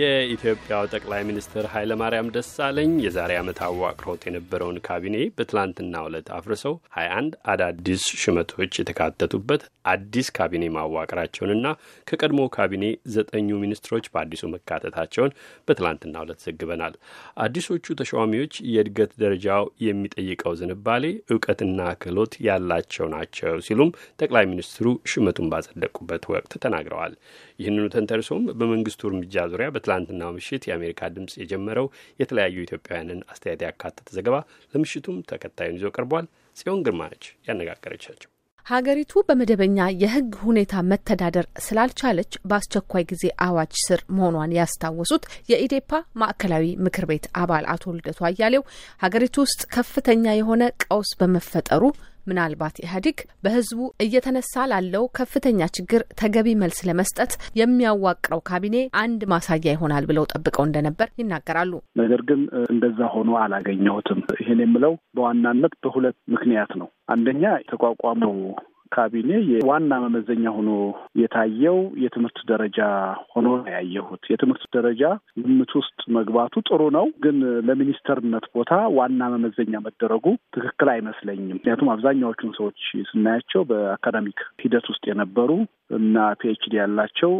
የኢትዮጵያው ጠቅላይ ሚኒስትር ኃይለማርያም ደሳለኝ የዛሬ ዓመት አዋቅሮት የነበረውን ካቢኔ በትላንትና ዕለት አፍርሰው 21 አዳዲስ ሹመቶች የተካተቱበት አዲስ ካቢኔ ማዋቅራቸውንና ከቀድሞ ካቢኔ ዘጠኙ ሚኒስትሮች በአዲሱ መካተታቸውን በትላንትና ዕለት ዘግበናል። አዲሶቹ ተሿሚዎች የእድገት ደረጃው የሚጠይቀው ዝንባሌ፣ እውቀትና ክህሎት ያላቸው ናቸው ሲሉም ጠቅላይ ሚኒስትሩ ሹመቱን ባጸደቁበት ወቅት ተናግረዋል። ይህንኑ ተንተርሶም በመንግስቱ እርምጃ ዙሪያ በትላንትናው ምሽት የአሜሪካ ድምፅ የጀመረው የተለያዩ ኢትዮጵያውያንን አስተያየት ያካተተ ዘገባ ለምሽቱም ተከታዩን ይዞ ቀርቧል። ጽዮን ግርማ ነች ያነጋገረቻቸው። ሀገሪቱ በመደበኛ የሕግ ሁኔታ መተዳደር ስላልቻለች በአስቸኳይ ጊዜ አዋጅ ስር መሆኗን ያስታወሱት የኢዴፓ ማዕከላዊ ምክር ቤት አባል አቶ ልደቱ አያሌው ሀገሪቱ ውስጥ ከፍተኛ የሆነ ቀውስ በመፈጠሩ ምናልባት ኢህአዴግ በህዝቡ እየተነሳ ላለው ከፍተኛ ችግር ተገቢ መልስ ለመስጠት የሚያዋቅረው ካቢኔ አንድ ማሳያ ይሆናል ብለው ጠብቀው እንደነበር ይናገራሉ። ነገር ግን እንደዛ ሆኖ አላገኘሁትም። ይህን የምለው በዋናነት በሁለት ምክንያት ነው። አንደኛ የተቋቋመው ካቢኔ ዋና መመዘኛ ሆኖ የታየው የትምህርት ደረጃ ሆኖ ያየሁት የትምህርት ደረጃ ግምት ውስጥ መግባቱ ጥሩ ነው፣ ግን ለሚኒስተርነት ቦታ ዋና መመዘኛ መደረጉ ትክክል አይመስለኝም። ምክንያቱም አብዛኛዎቹን ሰዎች ስናያቸው በአካዳሚክ ሂደት ውስጥ የነበሩ እና ፒኤችዲ ያላቸው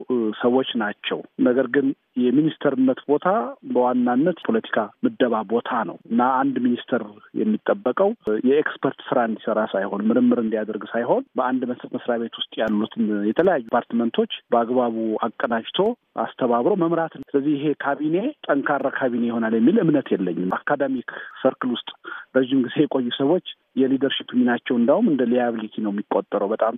ሰዎች ናቸው። ነገር ግን የሚኒስተርነት ቦታ በዋናነት ፖለቲካ ምደባ ቦታ ነው እና አንድ ሚኒስተር የሚጠበቀው የኤክስፐርት ስራ እንዲሰራ ሳይሆን ምርምር እንዲያደርግ ሳይሆን በአንድ መስሪያ ቤት ውስጥ ያሉትን የተለያዩ ዲፓርትመንቶች በአግባቡ አቀናጅቶ አስተባብሮ መምራት። ስለዚህ ይሄ ካቢኔ ጠንካራ ካቢኔ ይሆናል የሚል እምነት የለኝም። አካዳሚክ ሰርክል ውስጥ ረዥም ጊዜ የቆዩ ሰዎች የሊደርሽፕ ሚናቸው እንዳውም እንደ ሊያብሊቲ ነው የሚቆጠረው በጣም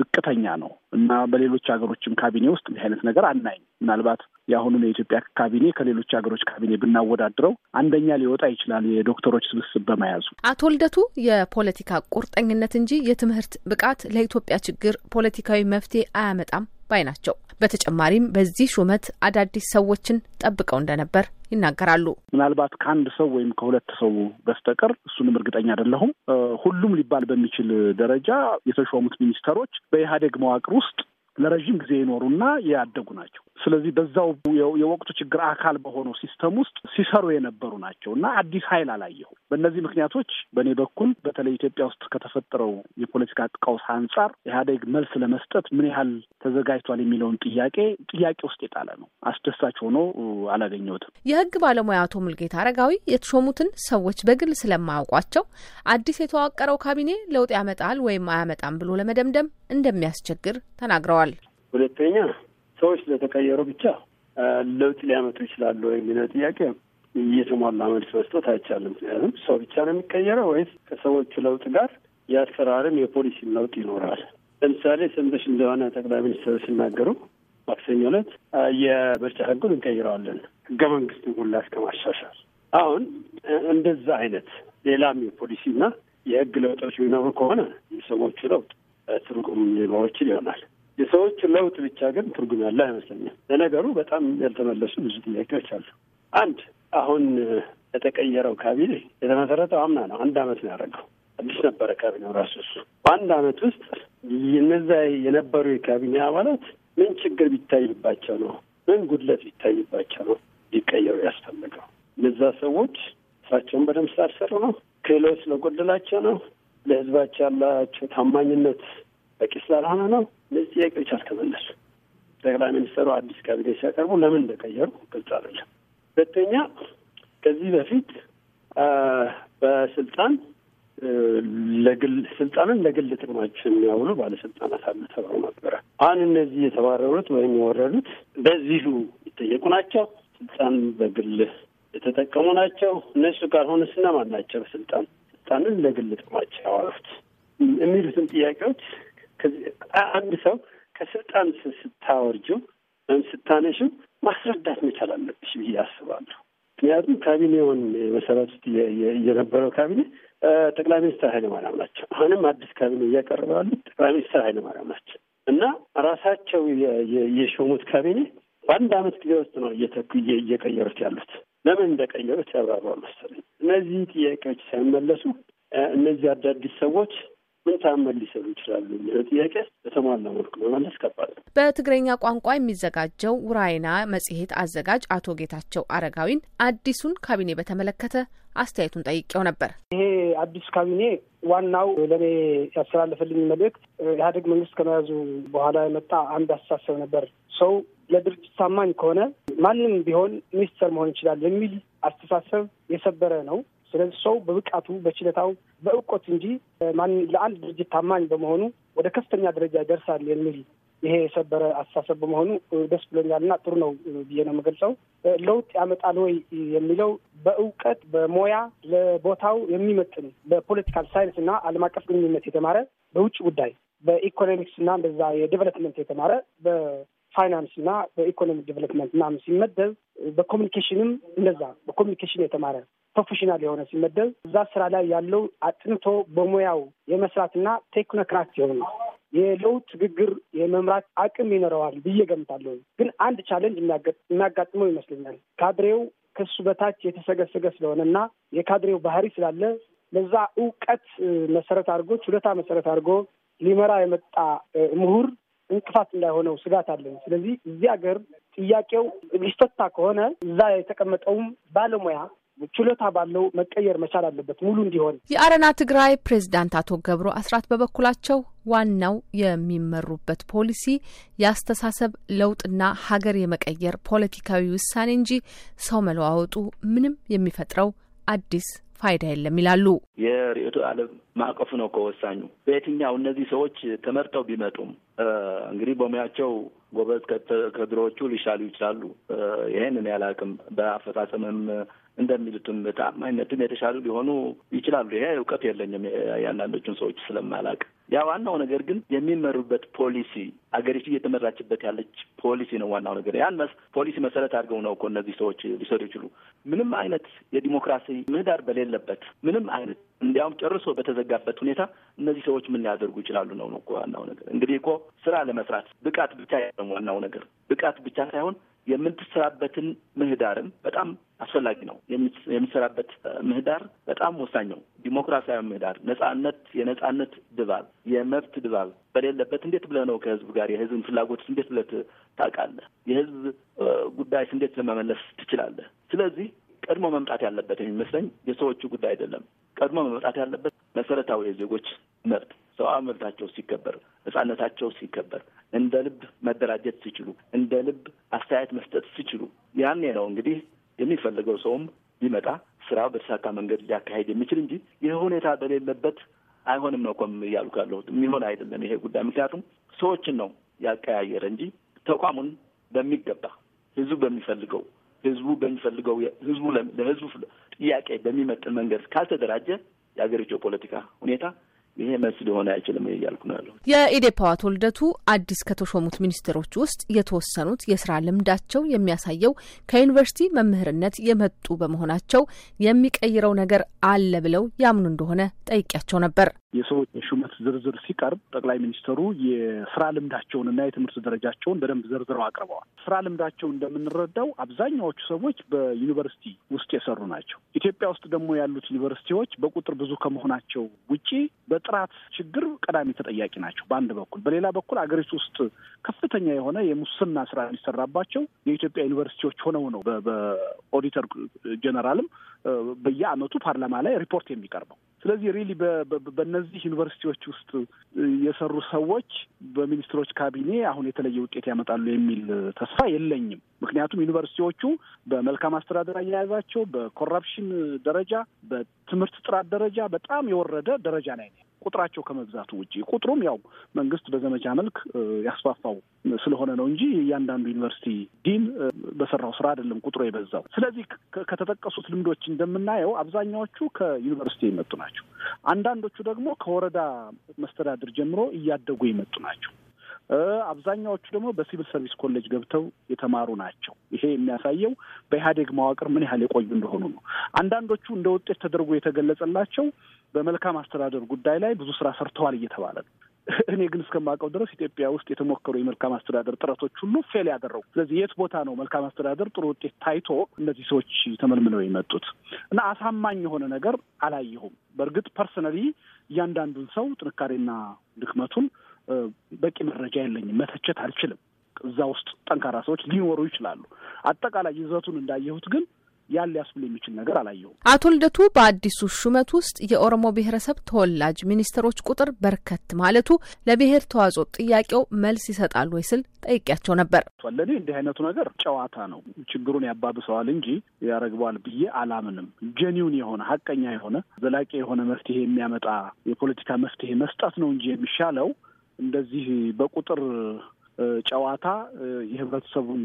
ዝቅተኛ ነው እና በሌሎች ሀገሮችም ካቢኔ ውስጥ እንዲህ አይነት ነገር አናይም። ምናልባት የአሁኑን የኢትዮጵያ ካቢኔ ከሌሎች ሀገሮች ካቢኔ ብናወዳድረው አንደኛ ሊወጣ ይችላል የዶክተሮች ስብስብ በመያዙ። አቶ ልደቱ የፖለቲካ ቁርጠኝነት እንጂ የትምህርት ብቃት ለኢትዮጵያ ችግር ፖለቲካዊ መፍትሄ አያመጣም ባይ ናቸው። በተጨማሪም በዚህ ሹመት አዳዲስ ሰዎችን ጠብቀው እንደነበር ይናገራሉ። ምናልባት ከአንድ ሰው ወይም ከሁለት ሰው በስተቀር እሱንም እርግጠኛ አይደለሁም። ሁሉም ሊባል በሚችል ደረጃ የተሾሙት ሚኒስተሮች በኢህአዴግ መዋቅር ውስጥ ለረዥም ጊዜ የኖሩና ያደጉ ናቸው። ስለዚህ በዛው የወቅቱ ችግር አካል በሆነው ሲስተም ውስጥ ሲሰሩ የነበሩ ናቸው እና አዲስ ኃይል አላየሁ። በእነዚህ ምክንያቶች በእኔ በኩል በተለይ ኢትዮጵያ ውስጥ ከተፈጠረው የፖለቲካ ቀውስ አንጻር ኢህአዴግ መልስ ለመስጠት ምን ያህል ተዘጋጅቷል የሚለውን ጥያቄ ጥያቄ ውስጥ የጣለ ነው። አስደሳች ሆኖ አላገኘሁትም። የህግ ባለሙያ አቶ ሙልጌታ አረጋዊ የተሾሙትን ሰዎች በግል ስለማያውቋቸው አዲስ የተዋቀረው ካቢኔ ለውጥ ያመጣል ወይም አያመጣም ብሎ ለመደምደም እንደሚያስቸግር ተናግረዋል። ሁለተኛ ሰዎች ስለተቀየሩ ብቻ ለውጥ ሊያመጡ ይችላሉ የሚለው ጥያቄ እየተሟላ መልስ መስጠት አይቻልም። ምክንያቱም ሰው ብቻ ነው የሚቀየረው ወይስ ከሰዎቹ ለውጥ ጋር የአሰራርም የፖሊሲም ለውጥ ይኖራል? ለምሳሌ ሰምተሽ እንደሆነ ጠቅላይ ሚኒስትር ሲናገሩ ማክሰኞ ዕለት የምርጫ ህጉን እንቀይረዋለን ሕገ መንግስትን ሁላ እስከ ማሻሻል። አሁን እንደዛ አይነት ሌላም የፖሊሲና የህግ ለውጦች የሚኖሩ ከሆነ የሰዎቹ ለውጥ ትርጉም ሊኖሮችን ይሆናል። የሰዎች ለውጥ ብቻ ግን ትርጉም ያለ አይመስለኛል። ለነገሩ በጣም ያልተመለሱ ብዙ ጥያቄዎች አሉ። አንድ አሁን የተቀየረው ካቢኔ የተመሰረተው አምና ነው። አንድ አመት ነው ያደረገው። አዲስ ነበረ ካቢኔው ራሱ። እሱ በአንድ አመት ውስጥ እነዛ የነበሩ የካቢኔ አባላት ምን ችግር ቢታይባቸው ነው? ምን ጉድለት ቢታይባቸው ነው ሊቀየሩ ያስፈልገው? እነዛ ሰዎች ስራቸውን በደንብ ስላልሰሩ ነው? ክህሎት ስለጎደላቸው ነው? ለህዝባቸው ያላቸው ታማኝነት በቂ ስላልሆነ ነው። እነዚህ ጥያቄዎች አልተመለሱ። ጠቅላይ ሚኒስትሩ አዲስ ካቢኔ ሲያቀርቡ ለምን እንደቀየሩ ግልጽ አይደለም። ሁለተኛ ከዚህ በፊት በስልጣን ለግል ስልጣንን ለግል ጥቅማቸው የሚያውሉ ባለስልጣናት አሉ ተብለው ነበረ። አሁን እነዚህ የተባረሩት ወይም የወረዱት በዚሁ ይጠየቁ ናቸው። ስልጣን በግል የተጠቀሙ ናቸው። እነሱ ካልሆነ ስነማን ናቸው? በስልጣን ስልጣንን ለግል ጥቅማቸው ያዋሉት የሚሉትን ጥያቄዎች አንድ ሰው ከስልጣን ስታወርጁ ወይም ስታነሹ ማስረዳት መቻል አለብሽ ብዬ አስባለሁ። ምክንያቱም ካቢኔውን መሰረት የነበረው ካቢኔ ጠቅላይ ሚኒስትር ኃይለማርያም ናቸው። አሁንም አዲስ ካቢኔ እያቀረበ ያሉት ጠቅላይ ሚኒስትር ኃይለማርያም ናቸው እና ራሳቸው የሾሙት ካቢኔ በአንድ አመት ጊዜ ውስጥ ነው እየቀየሩት ያሉት። ለምን እንደቀየሩት ያብራራው መሰለኝ። እነዚህ ጥያቄዎች ሳይመለሱ እነዚህ አዳዲስ ሰዎች በተአመድ ሊሰሩ ይችላሉ የሚለው ጥያቄ በተሟላ መልኩ በመለስ ከባድ ነው። በትግረኛ ቋንቋ የሚዘጋጀው ውራይና መጽሔት አዘጋጅ አቶ ጌታቸው አረጋዊን አዲሱን ካቢኔ በተመለከተ አስተያየቱን ጠይቄው ነበር። ይሄ አዲሱ ካቢኔ ዋናው ለእኔ ያስተላለፈልኝ መልእክት ኢህአዴግ መንግስት ከመያዙ በኋላ የመጣ አንድ አስተሳሰብ ነበር። ሰው ለድርጅት ታማኝ ከሆነ ማንም ቢሆን ሚኒስተር መሆን ይችላል የሚል አስተሳሰብ የሰበረ ነው። ስለዚህ ሰው በብቃቱ በችለታው፣ በእውቀት እንጂ ለአንድ ድርጅት ታማኝ በመሆኑ ወደ ከፍተኛ ደረጃ ይደርሳል የሚል ይሄ የሰበረ አስተሳሰብ በመሆኑ ደስ ብሎኛል እና ጥሩ ነው ብዬ ነው የምገልጸው። ለውጥ ያመጣል ወይ የሚለው በእውቀት በሞያ ለቦታው የሚመጥን በፖለቲካል ሳይንስ እና ዓለም አቀፍ ግንኙነት የተማረ በውጭ ጉዳይ በኢኮኖሚክስ እና እንደዛ የዴቨሎፕመንት የተማረ በፋይናንስ እና በኢኮኖሚክ ዴቨሎፕመንት ምናምን ሲመደብ በኮሚኒኬሽንም እንደዛ በኮሚኒኬሽን የተማረ ፕሮፌሽናል የሆነ ሲመደብ እዛ ስራ ላይ ያለው አጥንቶ በሙያው የመስራትና ቴክኖክራት የሆነ የለውጥ ግግር የመምራት አቅም ይኖረዋል ብዬ ገምታለሁ። ግን አንድ ቻለንጅ የሚያጋጥመው ይመስለኛል። ካድሬው ከሱ በታች የተሰገሰገ ስለሆነና የካድሬው ባህሪ ስላለ ለዛ እውቀት መሰረት አድርጎ ችሎታ መሰረት አድርጎ ሊመራ የመጣ ምሁር እንቅፋት እንዳይሆነው ስጋት አለን። ስለዚህ እዚህ ሀገር ጥያቄው ሊፈታ ከሆነ እዛ የተቀመጠውም ባለሙያ ችሎታ ባለው መቀየር መቻል አለበት ሙሉ እንዲሆን። የአረና ትግራይ ፕሬዚዳንት አቶ ገብሩ አስራት በበኩላቸው ዋናው የሚመሩበት ፖሊሲ የአስተሳሰብ ለውጥና ሀገር የመቀየር ፖለቲካዊ ውሳኔ እንጂ ሰው መለዋወጡ ምንም የሚፈጥረው አዲስ ፋይዳ የለም ይላሉ። የርዕዮተ ዓለም ማዕቀፉ ነው ከወሳኙ በየትኛው እነዚህ ሰዎች ተመርጠው ቢመጡም እንግዲህ በሙያቸው ጎበዝ ከድሮዎቹ ሊሻሉ ይችላሉ። ይህንን ያላቅም በአፈጻጸምም እንደሚሉትም ታማኝነትም የተሻሉ ሊሆኑ ይችላሉ። ይሄ እውቀት የለኝም የአንዳንዶቹን ሰዎች ስለማላቅ። ያ ዋናው ነገር ግን የሚመሩበት ፖሊሲ አገሪቱ እየተመራችበት ያለች ፖሊሲ ነው ዋናው ነገር። ያን ፖሊሲ መሰረት አድርገው ነው እኮ እነዚህ ሰዎች ሊሰሩ ይችሉ። ምንም አይነት የዲሞክራሲ ምህዳር በሌለበት፣ ምንም አይነት እንዲያውም ጨርሶ በተዘጋበት ሁኔታ እነዚህ ሰዎች ምን ሊያደርጉ ይችላሉ ነው እኮ ዋናው ነገር። እንግዲህ እኮ ስራ ለመስራት ብቃት ብቻ ዋናው ነገር ብቃት ብቻ ሳይሆን የምትሰራበትን ምህዳርም በጣም አስፈላጊ ነው። የምትሰራበት ምህዳር በጣም ወሳኝ ነው። ዲሞክራሲያዊ ምህዳር፣ ነጻነት፣ የነጻነት ድባብ፣ የመብት ድባብ በሌለበት እንዴት ብለህ ነው ከህዝብ ጋር የህዝብን ፍላጎትስ እንዴት ብለህ ታውቃለህ? የህዝብ ጉዳይስ እንዴት ለመመለስ ትችላለህ? ስለዚህ ቀድሞ መምጣት ያለበት የሚመስለኝ የሰዎቹ ጉዳይ አይደለም። ቀድሞ መምጣት ያለበት መሰረታዊ የዜጎች መብት ሰብአዊ መብታቸው ሲከበር፣ ነጻነታቸው ሲከበር፣ እንደ ልብ መደራጀት ሲችሉ፣ እንደ ልብ አስተያየት መስጠት ሲችሉ፣ ያኔ ነው እንግዲህ የሚፈልገው ሰውም ቢመጣ ስራው በተሳካ መንገድ ሊያካሄድ የሚችል እንጂ ይህ ሁኔታ በሌለበት አይሆንም ነው እኮም እያሉ ካለሁት የሚሆን አይደለም ይሄ ጉዳይ። ምክንያቱም ሰዎችን ነው ያቀያየረ እንጂ ተቋሙን በሚገባ ህዝቡ በሚፈልገው ህዝቡ በሚፈልገው ህዝቡ ለህዝቡ ጥያቄ በሚመጥን መንገድ ካልተደራጀ የሀገሪቱ የፖለቲካ ሁኔታ ይሄ መልስ ሊሆን አይችልም እያልኩ ነው ያለሁት። የኢዴፓ አቶ ልደቱ አዲስ ከተሾሙት ሚኒስትሮች ውስጥ የተወሰኑት የስራ ልምዳቸው የሚያሳየው ከዩኒቨርሲቲ መምህርነት የመጡ በመሆናቸው የሚቀይረው ነገር አለ ብለው ያምኑ እንደሆነ ጠይቂያቸው ነበር። የሰዎች ሹመት ዝርዝር ሲቀርብ ጠቅላይ ሚኒስትሩ የስራ ልምዳቸውንና የትምህርት ደረጃቸውን በደንብ ዘርዝረው አቅርበዋል። ስራ ልምዳቸው እንደምንረዳው አብዛኛዎቹ ሰዎች በዩኒቨርሲቲ ውስጥ የሰሩ ናቸው። ኢትዮጵያ ውስጥ ደግሞ ያሉት ዩኒቨርሲቲዎች በቁጥር ብዙ ከመሆናቸው ውጪ በጥራት ችግር ቀዳሚ ተጠያቂ ናቸው በአንድ በኩል፣ በሌላ በኩል አገሪቱ ውስጥ ከፍተኛ የሆነ የሙስና ስራ የሚሰራባቸው የኢትዮጵያ ዩኒቨርሲቲዎች ሆነው ነው በኦዲተር ጀነራልም በየዓመቱ ፓርላማ ላይ ሪፖርት የሚቀርበው ስለዚህ ሪሊ በእነዚህ ዩኒቨርሲቲዎች ውስጥ የሰሩ ሰዎች በሚኒስትሮች ካቢኔ አሁን የተለየ ውጤት ያመጣሉ የሚል ተስፋ የለኝም። ምክንያቱም ዩኒቨርሲቲዎቹ በመልካም አስተዳደር አያያዛቸው፣ በኮራፕሽን ደረጃ፣ በትምህርት ጥራት ደረጃ በጣም የወረደ ደረጃ ላይ ነው ቁጥራቸው ከመብዛቱ ውጭ ቁጥሩም ያው መንግስት በዘመቻ መልክ ያስፋፋው ስለሆነ ነው እንጂ እያንዳንዱ ዩኒቨርሲቲ ዲን በሰራው ስራ አይደለም ቁጥሩ የበዛው። ስለዚህ ከተጠቀሱት ልምዶች እንደምናየው አብዛኛዎቹ ከዩኒቨርሲቲ የመጡ ናቸው። አንዳንዶቹ ደግሞ ከወረዳ መስተዳድር ጀምሮ እያደጉ የመጡ ናቸው። አብዛኛዎቹ ደግሞ በሲቪል ሰርቪስ ኮሌጅ ገብተው የተማሩ ናቸው። ይሄ የሚያሳየው በኢህአዴግ መዋቅር ምን ያህል የቆዩ እንደሆኑ ነው። አንዳንዶቹ እንደ ውጤት ተደርጎ የተገለጸላቸው በመልካም አስተዳደር ጉዳይ ላይ ብዙ ስራ ሰርተዋል እየተባለ ነው። እኔ ግን እስከማውቀው ድረስ ኢትዮጵያ ውስጥ የተሞከሩ የመልካም አስተዳደር ጥረቶች ሁሉ ፌል ያደረጉ። ስለዚህ የት ቦታ ነው መልካም አስተዳደር ጥሩ ውጤት ታይቶ እነዚህ ሰዎች ተመልምለው የመጡት እና አሳማኝ የሆነ ነገር አላየሁም። በእርግጥ ፐርሰናሊ እያንዳንዱን ሰው ጥንካሬና ድክመቱን በቂ መረጃ የለኝም፣ መተቸት አልችልም። እዛ ውስጥ ጠንካራ ሰዎች ሊኖሩ ይችላሉ። አጠቃላይ ይዘቱን እንዳየሁት ግን ያን ሊያስብል የሚችል ነገር አላየው። አቶ ልደቱ በአዲሱ ሹመት ውስጥ የኦሮሞ ብሔረሰብ ተወላጅ ሚኒስትሮች ቁጥር በርከት ማለቱ ለብሔር ተዋጽኦ ጥያቄው መልስ ይሰጣሉ ወይ ስል ጠይቄያቸው ነበር። ለእኔ እንዲህ አይነቱ ነገር ጨዋታ ነው፣ ችግሩን ያባብሰዋል እንጂ ያረግበዋል ብዬ አላምንም። ጀኒውን የሆነ ሀቀኛ የሆነ ዘላቂ የሆነ መፍትሄ የሚያመጣ የፖለቲካ መፍትሄ መስጠት ነው እንጂ የሚሻለው እንደዚህ በቁጥር ጨዋታ የህብረተሰቡን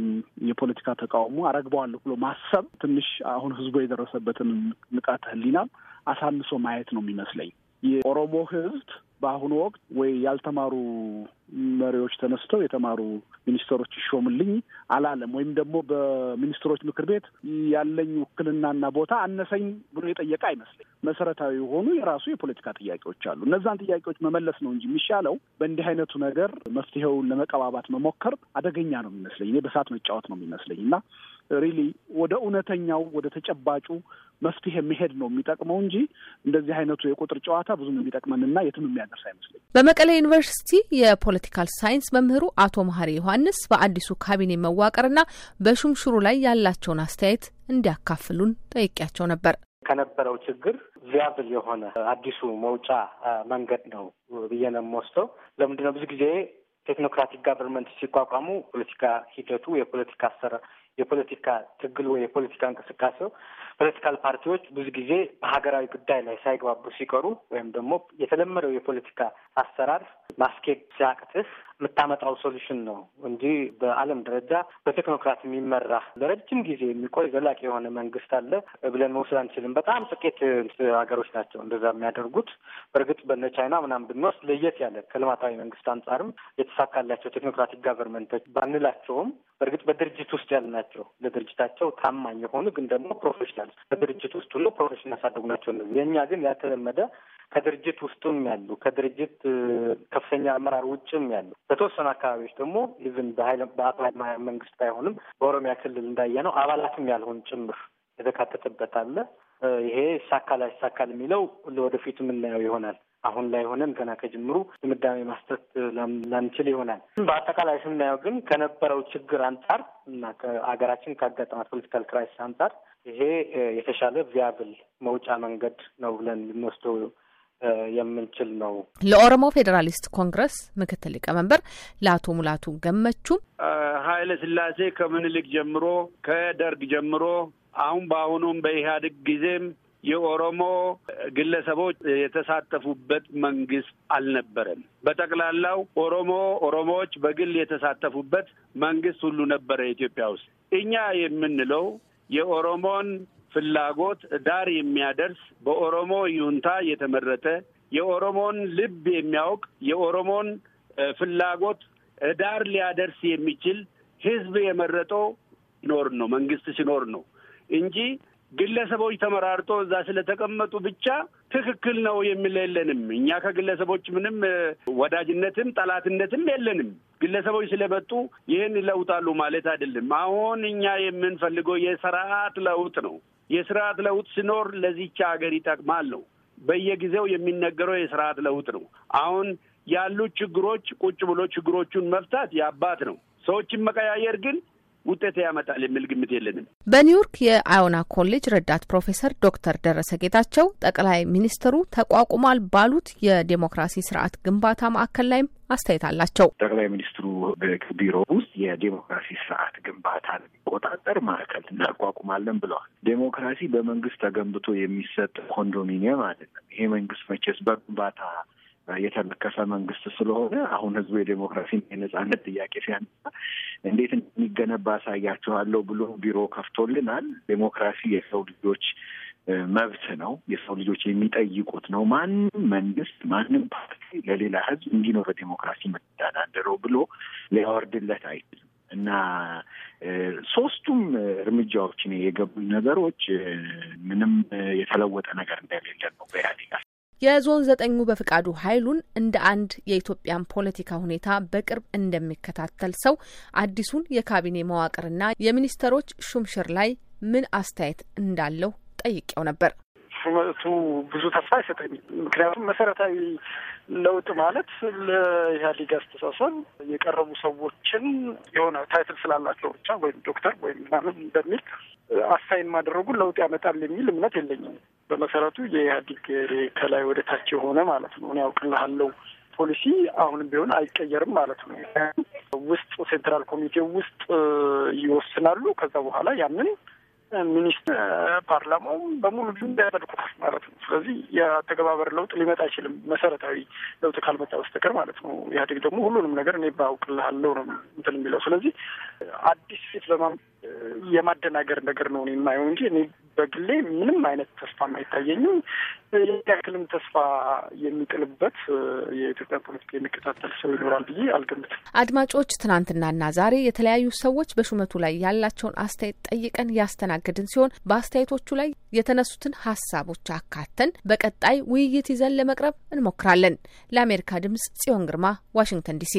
የፖለቲካ ተቃውሞ አረግበዋለሁ ብሎ ማሰብ ትንሽ አሁን ህዝቡ የደረሰበትን ንቃተ ህሊናም አሳንሶ ማየት ነው የሚመስለኝ። የኦሮሞ ህዝብ በአሁኑ ወቅት ወይ ያልተማሩ መሪዎች ተነስተው የተማሩ ሚኒስትሮች ይሾምልኝ አላለም። ወይም ደግሞ በሚኒስትሮች ምክር ቤት ያለኝ ውክልናና ቦታ አነሰኝ ብሎ የጠየቀ አይመስለኝ። መሰረታዊ የሆኑ የራሱ የፖለቲካ ጥያቄዎች አሉ። እነዛን ጥያቄዎች መመለስ ነው እንጂ የሚሻለው በእንዲህ አይነቱ ነገር መፍትሄውን ለመቀባባት መሞከር አደገኛ ነው የሚመስለኝ። እኔ በእሳት መጫወት ነው የሚመስለኝ እና ሪሊ ወደ እውነተኛው ወደ ተጨባጩ መፍትሄ መሄድ ነው የሚጠቅመው እንጂ እንደዚህ አይነቱ የቁጥር ጨዋታ ብዙም የሚጠቅመንና የትም የሚያደርስ አይመስለኝ። በመቀሌ ዩኒቨርሲቲ የፖለቲካል ሳይንስ መምህሩ አቶ መሀሪ ዮሐንስ በአዲሱ ካቢኔ መዋቅርና በሹምሹሩ ላይ ያላቸውን አስተያየት እንዲያካፍሉን ጠይቄያቸው ነበር። ከነበረው ችግር ቪያብል የሆነ አዲሱ መውጫ መንገድ ነው ብዬ ነው የምወስደው። ለምንድነው ብዙ ጊዜ ቴክኖክራቲክ ጋቨርንመንት ሲቋቋሙ ፖለቲካ ሂደቱ የፖለቲካ አሰራር የፖለቲካ ትግል ወይ የፖለቲካ እንቅስቃሴው ፖለቲካል ፓርቲዎች ብዙ ጊዜ በሀገራዊ ጉዳይ ላይ ሳይግባቡ ሲቀሩ ወይም ደግሞ የተለመደው የፖለቲካ አሰራር ማስኬድ ሲያቅትህ የምታመጣው ሶሉሽን ነው እንጂ በዓለም ደረጃ በቴክኖክራት የሚመራ ለረጅም ጊዜ የሚቆይ ዘላቂ የሆነ መንግስት አለ ብለን መውሰድ አንችልም። በጣም ጥቂት ሀገሮች ናቸው እንደዛ የሚያደርጉት። በእርግጥ በነ ቻይና ምናምን ብንወስድ ለየት ያለ ከልማታዊ መንግስት አንጻርም የተሳካላቸው ቴክኖክራቲክ ጋቨርንመንቶች ባንላቸውም በእርግጥ በድርጅት ውስጥ ያሉ ናቸው። ለድርጅታቸው ታማኝ የሆኑ ግን ደግሞ ፕሮፌሽናል በድርጅት ውስጥ ሁሉ ፕሮፌሽናል ያሳደጉ ናቸው። የእኛ ግን ያልተለመደ ከድርጅት ውስጥም ያሉ ከድርጅት ከፍተኛ አመራር ውጭም ያሉ በተወሰኑ አካባቢዎች ደግሞ ኢቭን በአባል መንግስት ባይሆንም በኦሮሚያ ክልል እንዳየ ነው አባላትም ያልሆን ጭምር የተካተተበት አለ። ይሄ ይሳካል አይሳካል የሚለው ለወደፊት የምናየው ይሆናል። አሁን ላይ ሆነን ገና ከጅምሩ ድምዳሜ ማስተት ላንችል ይሆናል። በአጠቃላይ ስናየው ግን ከነበረው ችግር አንጻር እና ከሀገራችን ካጋጠማት ፖለቲካል ክራይስ አንጻር ይሄ የተሻለ ቪያብል መውጫ መንገድ ነው ብለን ልንወስደው የምንችል ነው። ለኦሮሞ ፌዴራሊስት ኮንግረስ ምክትል ሊቀመንበር ለአቶ ሙላቱ ገመቹ ኃይለ ስላሴ ከምኒልክ ጀምሮ ከደርግ ጀምሮ አሁን በአሁኑም በኢህአዴግ ጊዜም የኦሮሞ ግለሰቦች የተሳተፉበት መንግስት አልነበረም። በጠቅላላው ኦሮሞ ኦሮሞዎች በግል የተሳተፉበት መንግስት ሁሉ ነበረ ኢትዮጵያ ውስጥ። እኛ የምንለው የኦሮሞን ፍላጎት ዳር የሚያደርስ በኦሮሞ ይሁንታ የተመረጠ የኦሮሞን ልብ የሚያውቅ የኦሮሞን ፍላጎት ዳር ሊያደርስ የሚችል ህዝብ የመረጠው ሲኖር ነው መንግስት ሲኖር ነው እንጂ ግለሰቦች ተመራርጦ እዛ ስለተቀመጡ ብቻ ትክክል ነው የሚል የለንም። እኛ ከግለሰቦች ምንም ወዳጅነትም ጠላትነትም የለንም። ግለሰቦች ስለመጡ ይህን ይለውጣሉ ማለት አይደለም። አሁን እኛ የምንፈልገው የስርዓት ለውጥ ነው። የስርዓት ለውጥ ሲኖር ለዚች ሀገር ይጠቅማል ነው። በየጊዜው የሚነገረው የስርዓት ለውጥ ነው። አሁን ያሉት ችግሮች ቁጭ ብሎ ችግሮቹን መፍታት ያባት ነው። ሰዎችን መቀያየር ግን ውጤት ያመጣል የሚል ግምት የለንም። በኒውዮርክ የአዮና ኮሌጅ ረዳት ፕሮፌሰር ዶክተር ደረሰ ጌታቸው ጠቅላይ ሚኒስትሩ ተቋቁሟል ባሉት የዴሞክራሲ ስርዓት ግንባታ ማዕከል ላይም አስተያየት አላቸው። ጠቅላይ ሚኒስትሩ ቢሮ ውስጥ የዴሞክራሲ ስርዓት ግንባታ የሚቆጣጠር ማዕከል እናቋቁማለን ብለዋል። ዴሞክራሲ በመንግስት ተገንብቶ የሚሰጥ ኮንዶሚኒየም አይደለም። ይሄ መንግስት መቼስ በግንባታ የተለከፈ መንግስት ስለሆነ አሁን ህዝቡ የዴሞክራሲ የነጻነት ጥያቄ ሲያነሳ እንዴት እንደሚገነባ አሳያችኋለሁ ብሎ ቢሮ ከፍቶልናል። ዴሞክራሲ የሰው ልጆች መብት ነው። የሰው ልጆች የሚጠይቁት ነው። ማንም መንግስት፣ ማንም ፓርቲ ለሌላ ህዝብ እንዲኖር ነው በዴሞክራሲ ብሎ ሊያወርድለት አይችልም እና ሶስቱም እርምጃዎች የገቡ ነገሮች ምንም የተለወጠ ነገር እንደሌለ ነው በኢህአዴግ የዞን ዘጠኙ በፍቃዱ ኃይሉን እንደ አንድ የኢትዮጵያን ፖለቲካ ሁኔታ በቅርብ እንደሚከታተል ሰው አዲሱን የካቢኔ መዋቅርና የሚኒስትሮች ሹምሽር ላይ ምን አስተያየት እንዳለው ጠይቄው ነበር። ሹመቱ ብዙ ተስፋ አይሰጠኝም። ምክንያቱም መሰረታዊ ለውጥ ማለት ለኢህአዴግ አስተሳሰብ የቀረቡ ሰዎችን የሆነ ታይትል ስላላቸው ብቻ ወይም ዶክተር ወይም ምናምን እንደሚል አሳይን ማደረጉ ለውጥ ያመጣል የሚል እምነት የለኝም። በመሰረቱ የኢህአዴግ ከላይ ወደ ታች የሆነ ማለት ነው እኔ ያውቅልሃለው ፖሊሲ አሁንም ቢሆን አይቀየርም ማለት ነው። ውስጥ ሴንትራል ኮሚቴ ውስጥ ይወስናሉ። ከዛ በኋላ ያንን ሚኒስትር ፓርላማው በሙሉ ያጸድቁታል ማለት ነው። ስለዚህ የአተገባበር ለውጥ ሊመጣ አይችልም፣ መሰረታዊ ለውጥ ካልመጣ በስተቀር ማለት ነው። ኢህአዴግ ደግሞ ሁሉንም ነገር እኔ ባውቅልሃለው ነው እንትን የሚለው ስለዚህ አዲስ ፊት በማምጣት የማደናገር ነገር ነው የማየው እንጂ እኔ በግሌ ምንም አይነት ተስፋ አይታየኝም። ያክልም ተስፋ የሚጥልበት የኢትዮጵያ ፖለቲካ የሚከታተል ሰው ይኖራል ብዬ አልገምትም። አድማጮች፣ ትናንትናና ዛሬ የተለያዩ ሰዎች በሹመቱ ላይ ያላቸውን አስተያየት ጠይቀን ያስተናግድን ሲሆን በአስተያየቶቹ ላይ የተነሱትን ሀሳቦች አካተን በቀጣይ ውይይት ይዘን ለመቅረብ እንሞክራለን። ለአሜሪካ ድምጽ ጽዮን ግርማ ዋሽንግተን ዲሲ